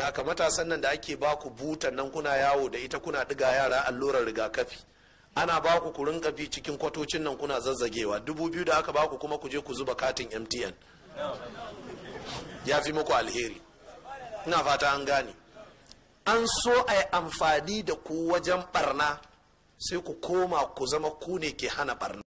da matasan nan da ake ba ku butan nan kuna yawo da ita kuna ɗiga yara allurar rigakafi ana ba ku ku rinka bi cikin kwatocin nan kuna zazzagewa dubu biyu da aka ba ku kuma ku je ku zuba katin mtn ya fi muku alheri ina fata an gane an so a yi amfani da ku wajen barna sai ku koma ku zama ku ne ke hana barna